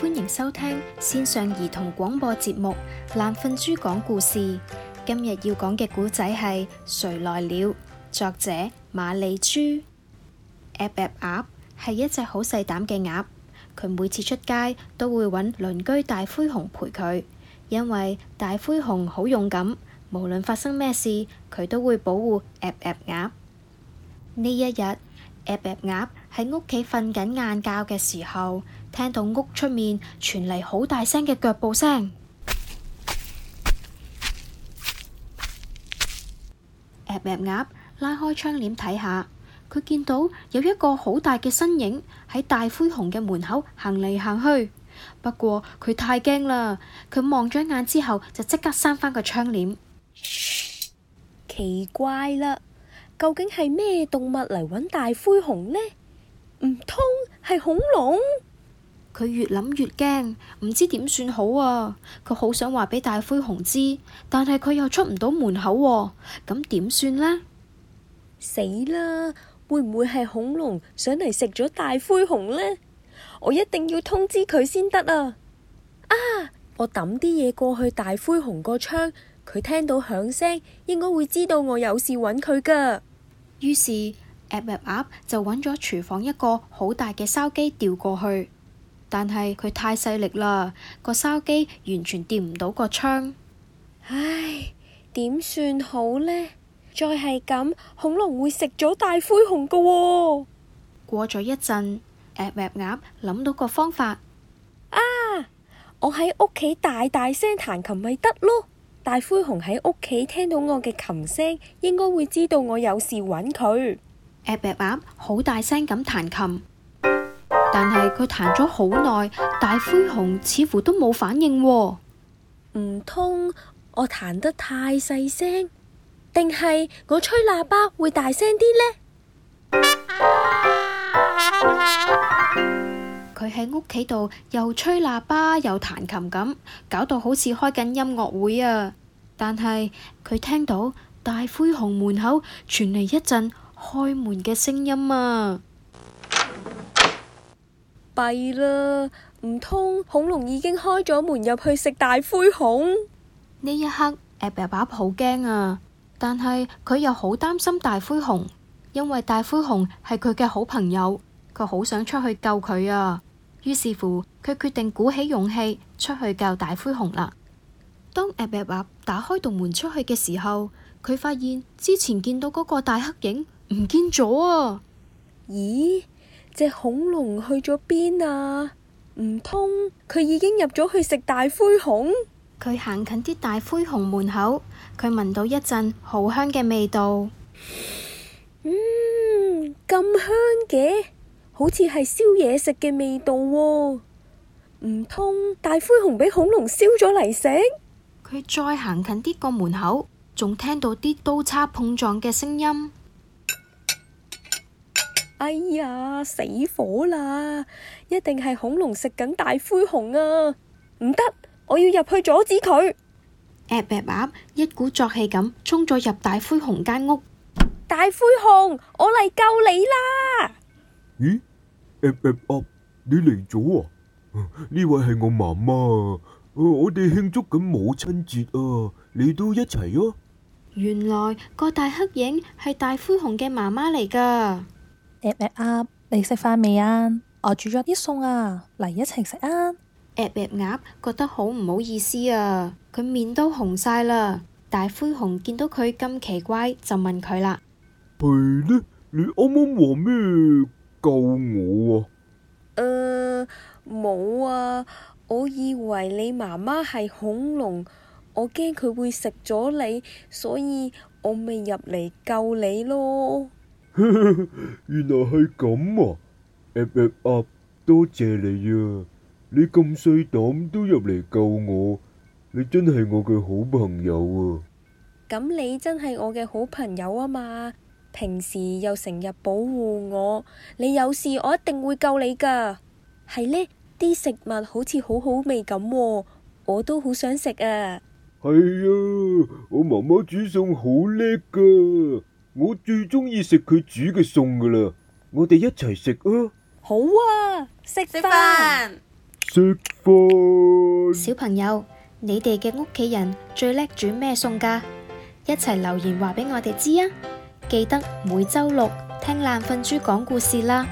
歡迎收聽綫上兒童廣播節目《懶瞓豬講故事》。今日要講嘅古仔係《誰來了》，作者馬麗珠。呷呷鴨係一隻好細膽嘅鴨，佢每次出街都會搵鄰居大灰熊陪佢，因為大灰熊好勇敢，無論發生咩事，佢都會保護呷呷鴨。呢一日，呷呷鴨喺屋企瞓緊晏覺嘅時候，聽到屋出面傳嚟好大聲嘅腳步聲。呷呷鴨拉開窗簾睇下，佢見到有一個好大嘅身影喺大灰熊嘅門口行嚟行去。不過佢太驚啦，佢望咗眼之後就即刻閂翻個窗簾。奇怪啦，究竟係咩動物嚟揾大灰熊呢？唔通係恐龍？佢越諗越驚，唔知點算好啊！佢好想話俾大灰熊知，但係佢又出唔到門口啊，咁點算呢？死啦！會唔會係恐龍上嚟食咗大灰熊呢？我一定要通知佢先得啊！啊！我抌啲嘢過去大灰熊個窗，佢聽到響聲，應該會知道我有事揾佢噶。於是。呷呷鴨就揾咗廚房一個好大嘅筲箕掉過去，但係佢太細力啦，個筲箕完全掂唔到個窗。唉，點算好呢？再係咁，恐龍會食咗大灰熊㗎喎。過咗一陣，呷呷鴨諗到個方法啊！我喺屋企大大聲彈琴咪得咯。大灰熊喺屋企聽到我嘅琴聲，應該會知道我有事揾佢。呷呷鴨好大聲咁彈琴，但係佢彈咗好耐，大灰熊似乎都冇反應喎。唔通我彈得太細聲，定係我吹喇叭會大聲啲呢？佢喺屋企度又吹喇叭又彈琴，咁搞到好似開緊音樂會啊！但係佢聽到大灰熊門口傳嚟一陣。開門嘅聲音啊！弊啦，唔通恐龍已經開咗門入去食大灰熊？呢一刻，呷呷鴨好驚啊！但係佢又好擔心大灰熊，因為大灰熊係佢嘅好朋友，佢好想出去救佢啊！於是乎，佢決定鼓起勇氣出去救大灰熊啦。當呷呷鴨打開道門出去嘅時候，佢發現之前見到嗰個大黑影，唔見咗啊！咦，隻恐龍去咗邊啊？唔通佢已經入咗去食大灰熊？佢行近啲大灰熊門口，佢聞到一陣好香嘅味道。嗯，咁香嘅，好似係燒嘢食嘅味道，啊。唔通大灰熊俾恐龍燒咗嚟食？佢再行近啲個門口，仲聽到啲刀叉碰撞嘅聲音。哎呀，死火啦！一定係恐龍食緊大灰熊啊！唔得，我要入去阻止佢。呷呷鴨，一鼓作氣咁衝咗入大灰熊間屋。大灰熊，我嚟救你啦！咦，呷呷鴨，你嚟咗啊？呢位係我媽媽，啊、我哋慶祝緊母親節啊！你都一齊啊！原來個大黑影係大灰熊嘅媽媽嚟噶。呷呷鴨，你食飯未啊？我煮咗啲餸啊，嚟一齊食啊！呷呷鴨覺得好唔好意思啊，佢面都紅晒啦。大灰熊見到佢咁奇怪，就問佢啦：係呢、呃？你啱啱話咩救我？啊？誒、呃，冇啊！我以為你媽媽係恐龍，我驚佢會食咗你，所以我咪入嚟救你咯。 原來係咁啊，呃，呃，多謝你啊！你咁細膽都入嚟救我，你真係我嘅好朋友啊！咁你真係我嘅好朋友啊嘛！平時又成日保護我，你有事我一定會救你噶。係咧，啲食物好似好好味咁，啊，我都好想食啊！係啊，我媽媽煮餸好叻噶。我最中意食佢煮嘅餸噶啦，我哋一齊食啊！好啊，食飯，食飯。小朋友，你哋嘅屋企人最叻煮咩餸噶？一齊留言話俾我哋知啊！記得每周六聽爛瞓豬講故事啦。